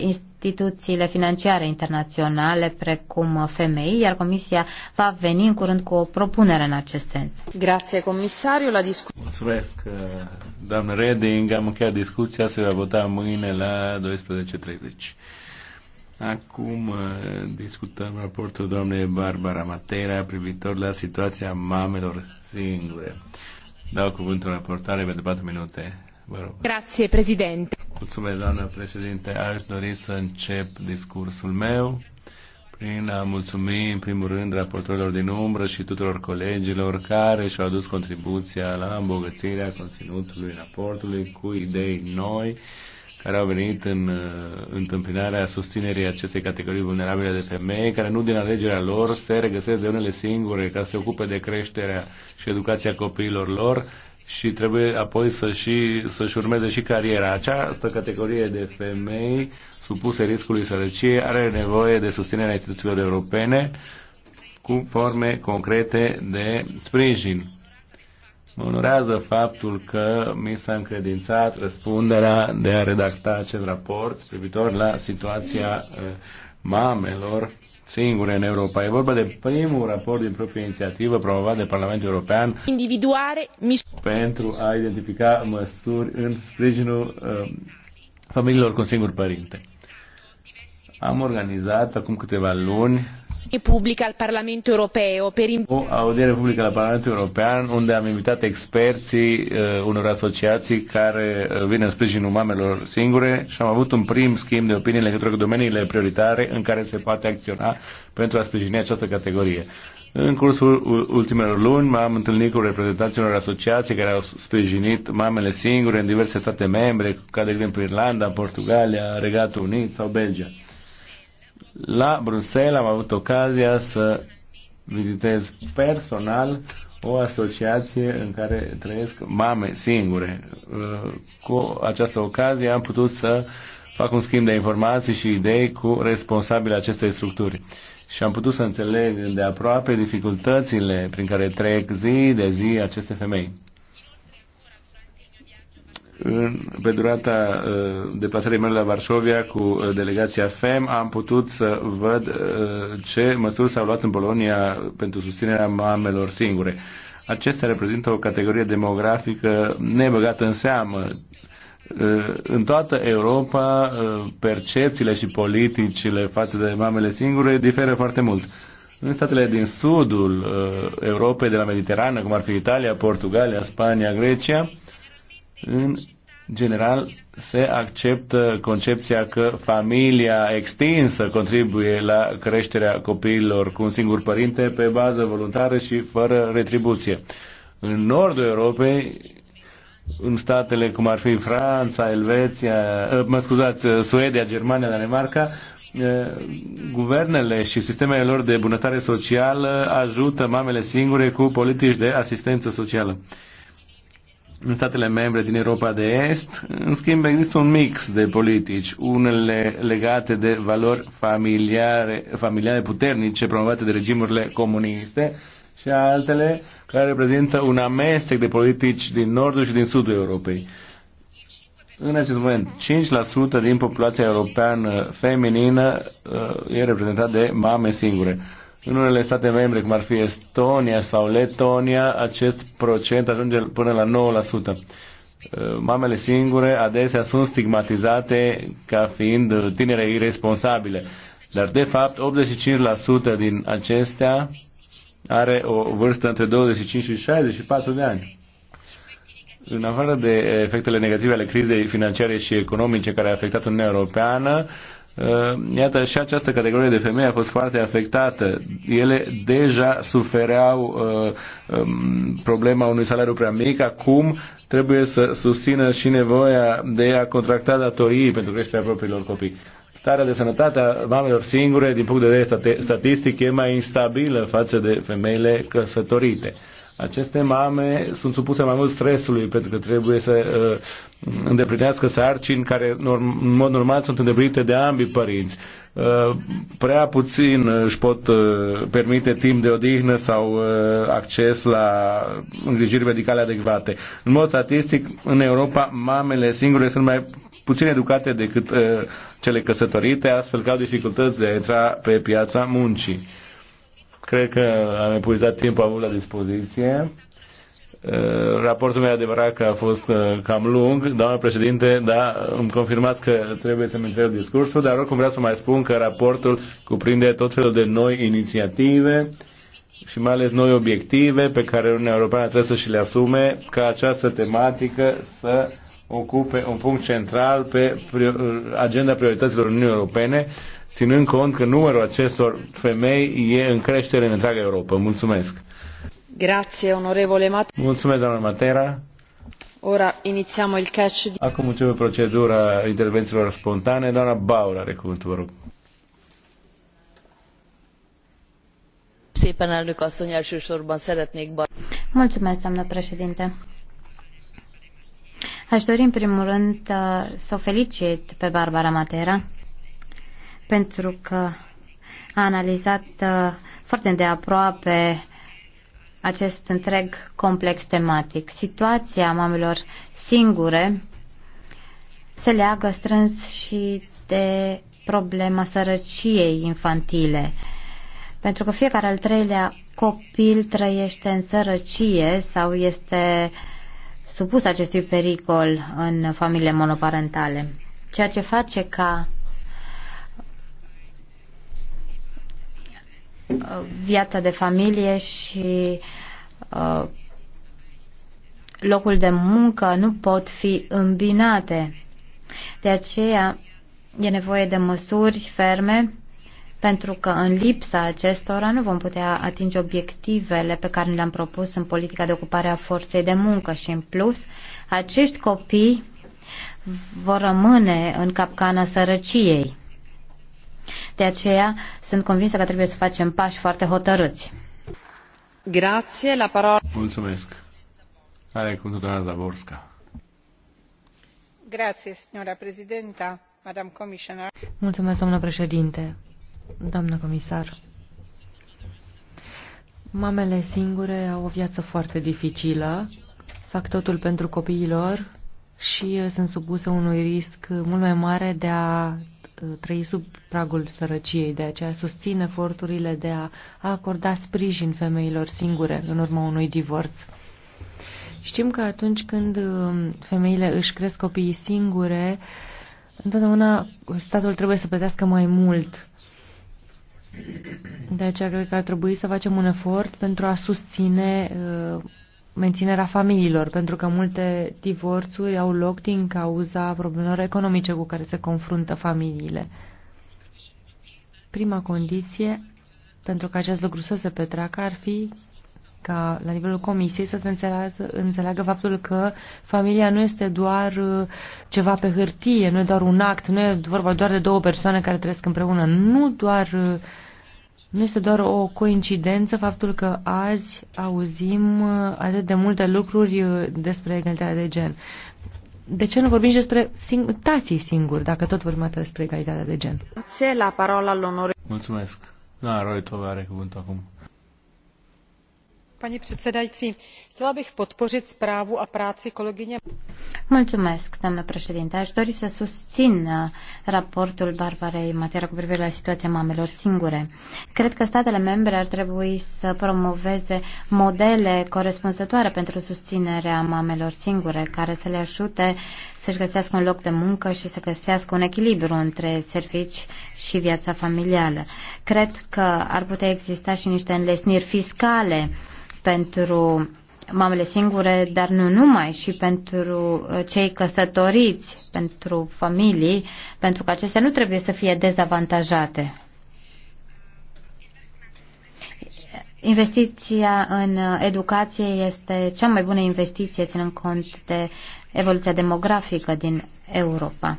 instituțiile financiare internaționale precum FMI, iar Comisia va veni în curând cu o propunere în acest sens. Grație, comisariu, la discuție. Mulțumesc, doamnă Reding. Am încheiat discuția, se va vota mâine la 12.30. Acum uh, discutăm raportul doamnei Barbara Matera privitor la situația mamelor singure. Dau cuvântul raportare pentru 4 minute. Grazie, Mulțumesc, doamnă președinte. Aș dori să încep discursul meu prin a mulțumi, în primul rând, raportorilor din umbră și tuturor colegilor care și-au adus contribuția la îmbogățirea conținutului raportului cu idei noi care au venit în uh, întâmpinarea susținerii acestei categorii vulnerabile de femei, care nu din alegerea lor se regăsesc de unele singure ca să se ocupe de creșterea și educația copiilor lor, și trebuie apoi să și, să-și urmeze și cariera. Această categorie de femei supuse riscului sărăciei are nevoie de susținerea instituțiilor europene cu forme concrete de sprijin. Mă onorează faptul că mi s-a încredințat răspunderea de a redacta acest raport privitor la situația eh, mamelor singure în Europa. E vorba de primul raport din proprie inițiativă promovat de Parlamentul European individuare pentru a identifica măsuri în sprijinul uh, familiilor cu un singur părinte. Am organizat acum câteva luni pubblica al Parlamento europeo per o audiere publică la Parlamentul European unde am invitat experții uh, unor asociații care eh, vin în sprijinul mamelor singure și am avut un prim schimb de opinii în legătură cu domeniile prioritare în care se poate acționa pentru a sprijini această categorie. În cursul ultimelor luni m-am întâlnit cu reprezentanții unor asociații care au sprijinit mamele singure în diverse state membre, ca de exemplu Irlanda, Portugalia, Regatul Unit sau Belgia. La Bruxelles am avut ocazia să vizitez personal o asociație în care trăiesc mame singure. Uh, cu această ocazie am putut să fac un schimb de informații și idei cu responsabile acestei structuri. Și am putut să înțeleg de aproape dificultățile prin care trec zi de zi aceste femei în, pe durata uh, deplasării mele la Varsovia cu uh, delegația FEM am putut să văd uh, ce măsuri s-au luat în Polonia pentru susținerea mamelor singure. Acestea reprezintă o categorie demografică nebăgată în seamă. În toată Europa, percepțiile și politicile față de mamele singure diferă foarte mult. În statele din sudul Europei, de la Mediterană, cum ar fi Italia, Portugalia, Spania, Grecia, în general se acceptă concepția că familia extinsă contribuie la creșterea copiilor cu un singur părinte pe bază voluntară și fără retribuție. În nordul Europei, în statele cum ar fi Franța, Elveția, eh, mă scuzați, eh, Suedia, Germania, Danemarca, eh, guvernele și sistemele lor de bunătare socială ajută mamele singure cu politici de asistență socială în statele membre din Europa de Est. În schimb, există un mix de politici, unele legate de valori familiare, familiare puternice promovate de regimurile comuniste și altele care reprezintă un amestec de politici din nordul și din sudul Europei. În acest moment, 5% din populația europeană feminină uh, e reprezentată de mame singure. În unele state membre, cum ar fi Estonia sau Letonia, acest procent ajunge până la 9%. Uh, mamele singure adesea sunt stigmatizate ca fiind tinere irresponsabile, dar de fapt 85% din acestea are o vârstă între 25 și 64 de ani. În afară de efectele negative ale crizei financiare și economice care a afectat Uniunea Europeană, Uh, iată, și această categorie de femei a fost foarte afectată. Ele deja sufereau uh, um, problema unui salariu prea mic, acum trebuie să susțină și nevoia de a contracta datorii pentru creșterea propriilor copii. Starea de sănătate a mamelor singure, din punct de vedere statistic, e mai instabilă față de femeile căsătorite aceste mame sunt supuse mai mult stresului pentru că trebuie să uh, îndeplinească sarcini care norm, în mod normal sunt îndeplinite de ambii părinți. Uh, prea puțin își pot uh, permite timp de odihnă sau uh, acces la îngrijiri medicale adecvate. În mod statistic, în Europa, mamele singure sunt mai puțin educate decât uh, cele căsătorite, astfel că au dificultăți de a intra pe piața muncii Cred că am epuizat timpul avut la dispoziție. Uh, raportul meu e adevărat că a fost uh, cam lung, doamna președinte, dar îmi confirmați că trebuie să-mi întreb discursul, dar oricum vreau să mai spun că raportul cuprinde tot felul de noi inițiative și mai ales noi obiective pe care Uniunea Europeană trebuie să și le asume ca această tematică să ocupe un punct central pe agenda priorităților Uniunii Europene, ținând cont că numărul acestor femei e în creștere în întreaga Europa. Mulțumesc! Grazie, onorevole Matera. Mulțumesc, doamna Matera. Ora iniziamo il catch. Acum începe procedura intervențiilor spontane. Doamna Baura are cuvântul, vă rog. szépen, elnök asszony, elsősorban szeretnék... Mulțumesc, doamnă președinte. Aș dori în primul rând uh, să o felicit pe Barbara Matera pentru că a analizat uh, foarte de aproape acest întreg complex tematic. Situația mamelor singure se leagă strâns și de problema sărăciei infantile. Pentru că fiecare al treilea copil trăiește în sărăcie sau este supus acestui pericol în familiile monoparentale. Ceea ce face ca uh, viața de familie și uh, locul de muncă nu pot fi îmbinate. De aceea e nevoie de măsuri ferme pentru că în lipsa acestora nu vom putea atinge obiectivele pe care le-am propus în politica de ocupare a forței de muncă și în plus acești copii vor rămâne în capcana sărăciei. De aceea sunt convinsă că trebuie să facem pași foarte hotărâți. Grație, la parola. Mulțumesc. Are cuvântul doamna Zaborska. Grație, signora președinta, madam Mulțumesc, domnule președinte. Doamnă comisar, mamele singure au o viață foarte dificilă, fac totul pentru copiilor și uh, sunt supuse unui risc mult mai mare de a uh, trăi sub pragul sărăciei, de aceea susțin eforturile de a acorda sprijin femeilor singure în urma unui divorț. Știm că atunci când um, femeile își cresc copiii singure, întotdeauna statul trebuie să plătească mai mult de aceea cred că ar trebui să facem un efort pentru a susține uh, menținerea familiilor, pentru că multe divorțuri au loc din cauza problemelor economice cu care se confruntă familiile. Prima condiție pentru că acest lucru să se petreacă ar fi ca la nivelul comisiei să se înțeleagă, înțeleagă faptul că familia nu este doar uh, ceva pe hârtie, nu e doar un act, nu e vorba doar de două persoane care trăiesc împreună, nu doar uh, nu este doar o coincidență faptul că azi auzim uh, atât de multe lucruri despre egalitatea de gen. De ce nu vorbim și despre sing- tații singuri, dacă tot vorbim atât despre egalitatea de gen? Se la parola l'onore. Mulțumesc. Da, tu are cuvântul acum paní předsedající chtěla bych podpořit zprávu a práci kolegyně. Mulțumesc, doamnă președinte. Aș dori să susțin uh, raportul Barbarei Matera cu privire la situația mamelor singure. Cred că statele membre ar trebui să promoveze modele corespunzătoare pentru susținerea mamelor singure, care să le ajute să-și găsească un loc de muncă și să găsească un echilibru între servici și viața familială. Cred că ar putea exista și niște înlesniri fiscale pentru mamele singure, dar nu numai, și pentru uh, cei căsătoriți, pentru familii, pentru că acestea nu trebuie să fie dezavantajate. Investiția în uh, educație este cea mai bună investiție, ținând cont de evoluția demografică din Europa.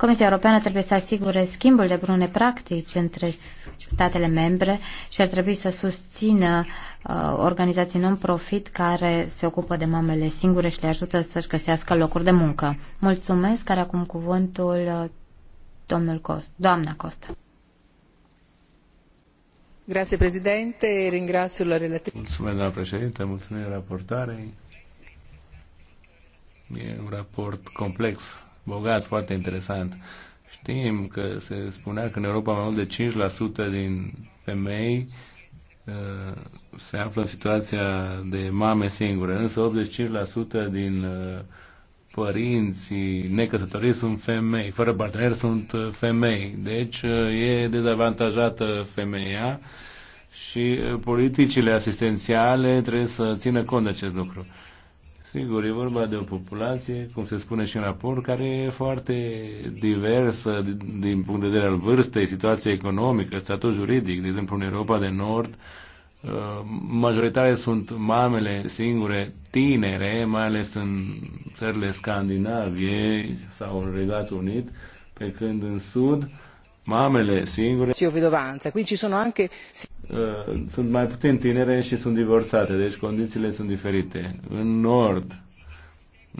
Comisia Europeană trebuie să asigure schimbul de bune practici între statele membre și ar trebui să susțină uh, organizații non-profit care se ocupă de mamele singure și le ajută să-și găsească locuri de muncă. Mulțumesc, care acum cuvântul uh, domnul Cost, doamna Costa. Grazie Presidente, ringrazio la relatrice. Mulțumesc, doamna președinte, mulțumesc raportare. E un raport complex bogat, foarte interesant. Știm că se spunea că în Europa mai mult de 5% din femei uh, se află în situația de mame singure, însă 85% din uh, părinții necăsătoriți sunt femei, fără partener sunt uh, femei, deci e dezavantajată femeia și politicile asistențiale trebuie să țină cont de acest lucru. Sigur, e vorba de o populație, cum se spune și în raport, care e foarte diversă din punct de vedere al vârstei, situației economică, statul juridic. De exemplu, în Europa de Nord, uh, majoritatea sunt mamele singure, tinere, mai ales în țările Scandinavie sau în Regatul Unit, pe când în Sud, mamele singure. Și o vedovanță. Qui ci sono anche... Uh, sunt mai puțin tinere și sunt divorțate, deci condițiile sunt diferite. În nord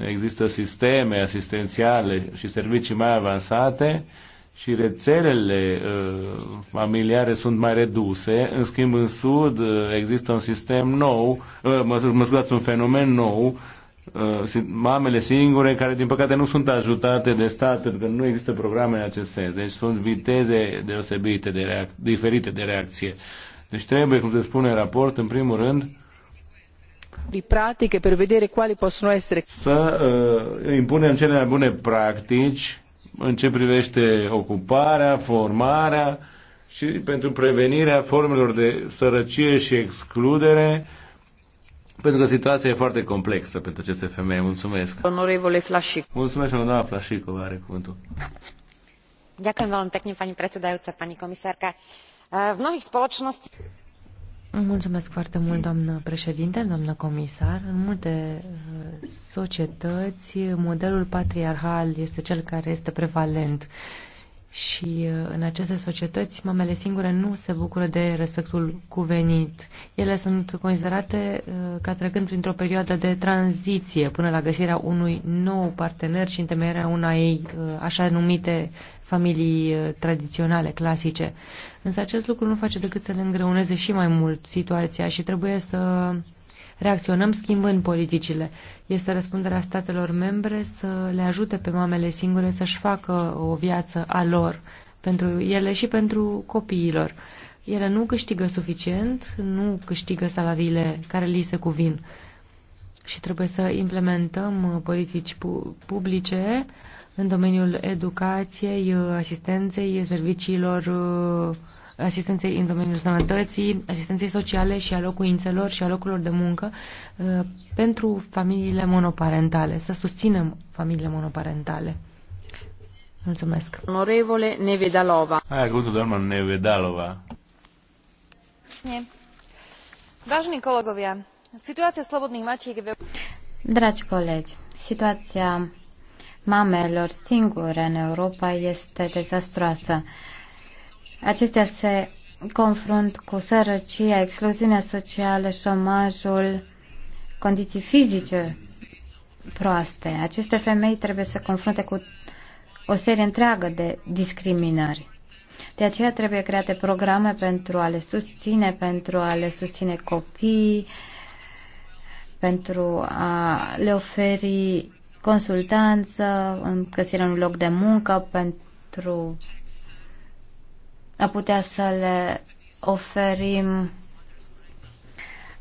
există sisteme asistențiale și servicii mai avansate și rețelele uh, familiare sunt mai reduse. În schimb, în sud uh, există un sistem nou, uh, mă, mă scuzați, un fenomen nou, Uh, mamele singure care din păcate nu sunt ajutate de stat pentru că nu există programe în acest sens. Deci sunt viteze deosebite, de reac- diferite de reacție. Deci trebuie, cum se spune în raport, în primul rând, de practică per vedere quali possono essere. Să uh, impunem cele mai bune practici în ce privește ocuparea, formarea și pentru prevenirea formelor de sărăcie și excludere pentru că situația e foarte complexă pentru aceste femei. Mulțumesc. Onorevole Flașic. Mulțumesc, doamna o are cuvântul. Ďakujem veľmi pekne, pani predsedajúca, pani komisárka. Eh, v mnohých spoločnosti... Mulțumesc foarte mult, doamnă președinte, doamnă comisar. În multe eh, societăți, modelul patriarhal este cel care este prevalent și uh, în aceste societăți mamele singure nu se bucură de respectul cuvenit. Ele sunt considerate uh, ca trecând printr-o perioadă de tranziție până la găsirea unui nou partener și întemeierea una ei uh, așa numite familii tradiționale, clasice. Însă acest lucru nu face decât să le îngreuneze și mai mult situația și trebuie să reacționăm schimbând politicile. Este răspunderea statelor membre să le ajute pe mamele singure să-și facă o viață a lor, pentru ele și pentru copiilor. Ele nu câștigă suficient, nu câștigă salariile care li se cuvin și trebuie să implementăm uh, politici publice în domeniul educației, uh, asistenței, serviciilor uh, asistenței în domeniul sănătății, asistenței sociale și a locuințelor și a locurilor de muncă uh, pentru familiile monoparentale, să susținem familiile monoparentale. Mulțumesc. Onorevole Nevedalova. Aia cuvântul doamnă Nevedalova. Vážení kolegovia, situácia slobodných matiek Dragi colegi, situația mamelor singure în Europa este dezastroasă. Acestea se confrunt cu sărăcia, excluziunea socială, șomajul, condiții fizice proaste. Aceste femei trebuie să confrunte cu o serie întreagă de discriminări. De aceea trebuie create programe pentru a le susține, pentru a le susține copiii, pentru a le oferi consultanță în găsirea unui loc de muncă, pentru a putea să le oferim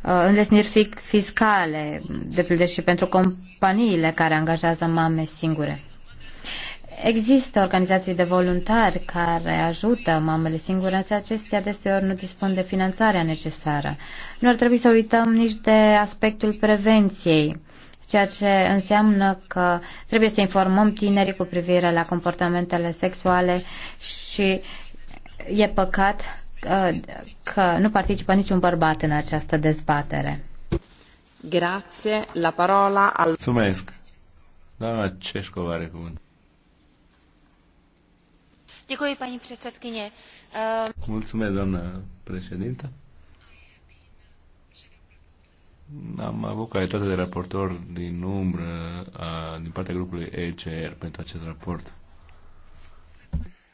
uh, înlesniri fiscale, de pildă și pentru companiile care angajează mame singure. Există organizații de voluntari care ajută mamele singure, însă acestea deseori nu dispun de finanțarea necesară. Nu ar trebui să uităm nici de aspectul prevenției, ceea ce înseamnă că trebuie să informăm tinerii cu privire la comportamentele sexuale și e păcat că, uh, că nu participă niciun bărbat în această dezbatere. Grazie, la parola al... Mulțumesc. Doamna Ceșcova are cuvânt. Děkuji, paní předsedkyně. Eh, Mulțumesc, doamnă președintă. Am avut calitate de raportor din umbră din partea grupului ECR pentru acest raport.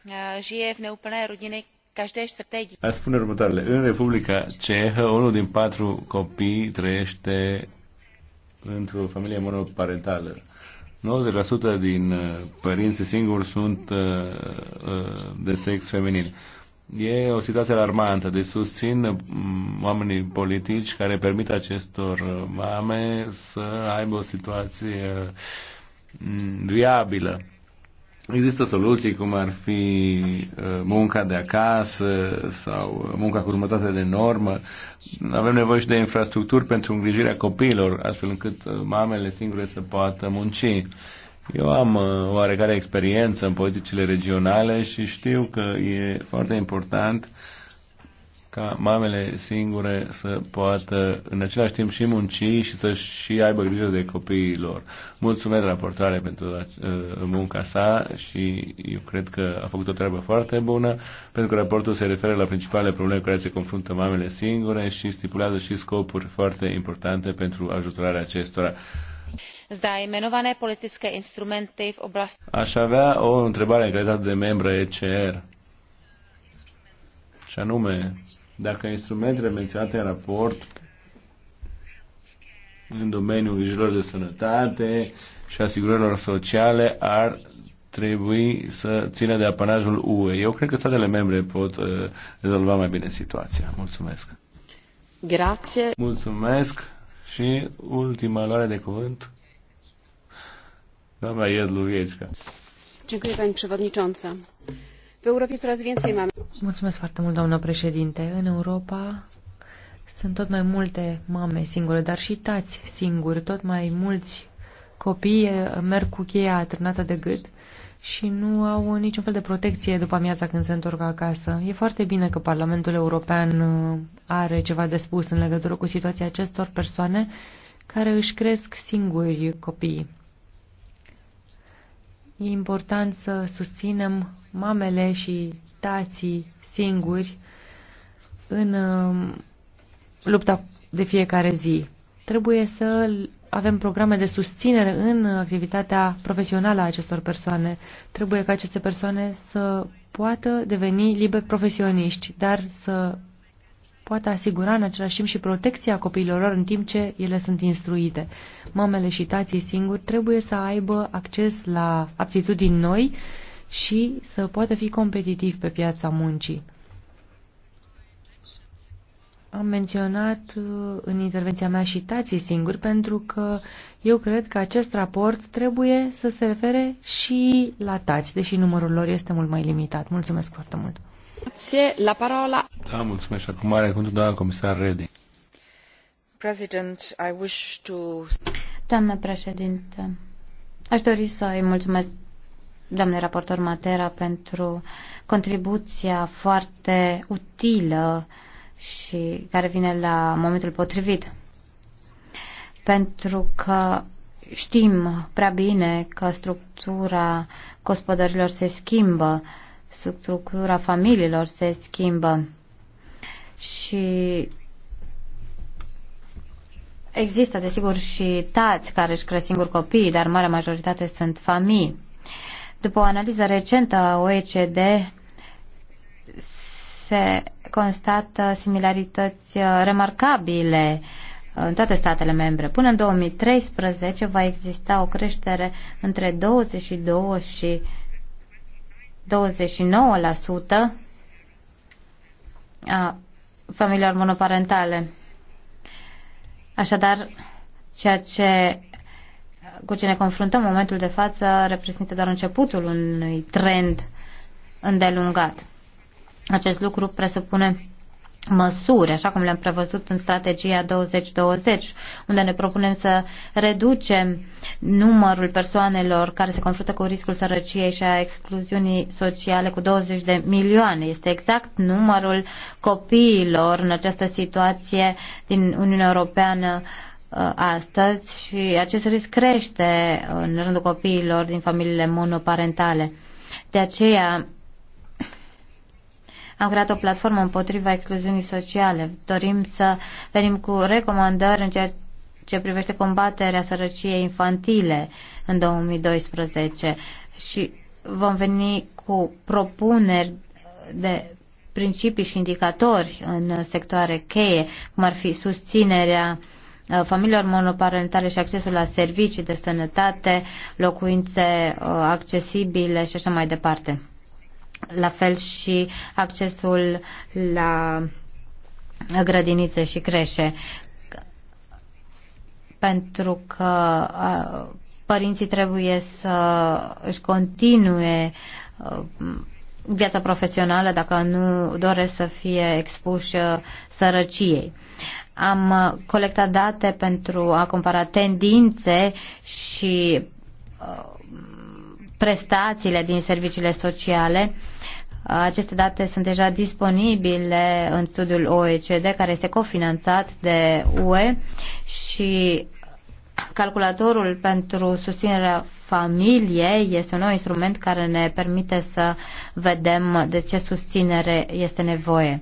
Eh, žije v neúplné rodiny každé čtvrté dítě. Aș spune următoarele. În Republica Cehă, unul din patru copii trăiește într-o familie monoparentală. 90% din eh, părinții singuri sunt eh, de sex feminin. E o situație alarmantă, deci susțin mm, oamenii politici care permit acestor mame să aibă o situație mm, viabilă. Există soluții cum ar fi uh, munca de acasă sau munca cu jumătate de normă. Avem nevoie și de infrastructuri pentru îngrijirea copiilor, astfel încât uh, mamele singure să poată munci. Eu am uh, oarecare experiență în politicile regionale și știu că e foarte important uh, ca mamele singure să poată în același timp și munci și să și aibă grijă de copiii lor. Mulțumesc raportoare pentru uh, munca sa și eu cred că a făcut o treabă foarte bună pentru că raportul se referă la principalele probleme cu care se confruntă mamele singure și stipulează și scopuri foarte importante pentru ajutorarea acestora zda jmenované politické instrumenty v oblasti. Aș avea o întrebare în calitate de membră ECR. Și anume, dacă instrumentele menționate în raport în domeniul grijilor de sănătate și asigurărilor sociale ar trebui să țină de apanajul UE. Eu cred că statele membre pot uh, rezolva mai bine situația. Mulțumesc. Grație. Mulțumesc. Și ultima luare de cuvânt. Doamna Iezlu Viecica. Dziękuję Pani Przewodnicząca. W Mulțumesc foarte mult, doamnă președinte. În Europa sunt tot mai multe mame singure, dar și tați singuri, tot mai mulți copii eh, merg cu cheia atârnată de gât și nu au niciun fel de protecție după amiaza când se întorc acasă. E foarte bine că Parlamentul European eh, are ceva de spus în legătură cu situația acestor persoane care își cresc singuri copiii. E important să susținem mamele și tații singuri în um, lupta de fiecare zi. Trebuie să avem programe de susținere în activitatea profesională a acestor persoane. Trebuie ca aceste persoane să poată deveni liberi profesioniști, dar să Poate asigura în același timp și protecția copiilor lor în timp ce ele sunt instruite. Mamele și tații singuri trebuie să aibă acces la aptitudini noi și să poată fi competitiv pe piața muncii. Am menționat uh, în intervenția mea și tații singuri pentru că eu cred că acest raport trebuie să se refere și la tați, deși numărul lor este mult mai limitat. Mulțumesc foarte mult! Grazie, la parola mulțumesc. comisar Reding. Doamnă președinte, aș dori să îi mulțumesc doamnei raportor Matera pentru contribuția foarte utilă și care vine la momentul potrivit. Pentru că știm prea bine că structura gospodărilor se schimbă, structura familiilor se schimbă și există, desigur, și tați care își cresc singuri copiii, dar marea majoritate sunt familii. După o analiză recentă a OECD, se constată similarități uh, remarcabile uh, în toate statele membre. Până în 2013 va exista o creștere între 22 și 29% a familiilor monoparentale. Așadar, ceea ce cu ce ne confruntăm în momentul de față reprezintă doar începutul unui trend îndelungat. Acest lucru presupune măsuri, așa cum le-am prevăzut în strategia 2020, unde ne propunem să reducem numărul persoanelor care se confruntă cu riscul sărăciei și a excluziunii sociale cu 20 de milioane. Este exact numărul copiilor în această situație din Uniunea Europeană uh, astăzi și acest risc crește în rândul copiilor din familiile monoparentale. De aceea am creat o platformă împotriva excluziunii sociale. Dorim să venim cu recomandări în ceea ce privește combaterea sărăciei infantile în 2012 și vom veni cu propuneri de principii și indicatori în sectoare cheie, cum ar fi susținerea uh, familiilor monoparentale și accesul la servicii de sănătate, locuințe uh, accesibile și așa mai departe la fel și accesul la grădinițe și creșe pentru că părinții trebuie să își continue viața profesională dacă nu doresc să fie expuși sărăciei. Am colectat date pentru a compara tendințe și prestațiile din serviciile sociale. Aceste date sunt deja disponibile în studiul OECD, care este cofinanțat de UE și calculatorul pentru susținerea familiei este un nou instrument care ne permite să vedem de ce susținere este nevoie.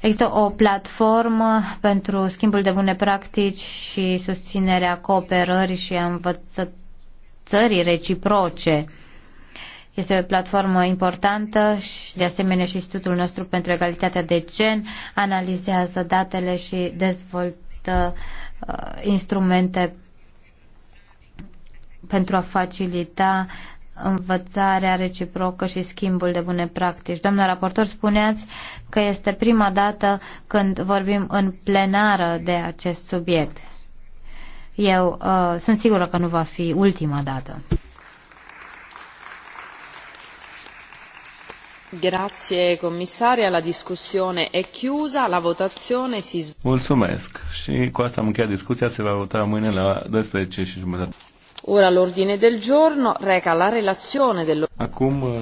Există o platformă pentru schimbul de bune practici și susținerea cooperării și a învățătorilor țării reciproce. Este o platformă importantă și, de asemenea, și Institutul nostru pentru Egalitatea de Gen analizează datele și dezvoltă uh, instrumente pentru a facilita învățarea reciprocă și schimbul de bune practici. Doamna raportor, spuneați că este prima dată când vorbim în plenară de acest subiect. Eu uh, sunt sigură că nu va fi ultima dată. Grazie comisaria. la discussione è chiusa, la votazione si svolge. Mulțumesc și cu asta am încheiat discuția, se va vota mâine la 12 și jumătate. Ora l'ordine del giorno reca la relazione dell'Ordine. Acum uh,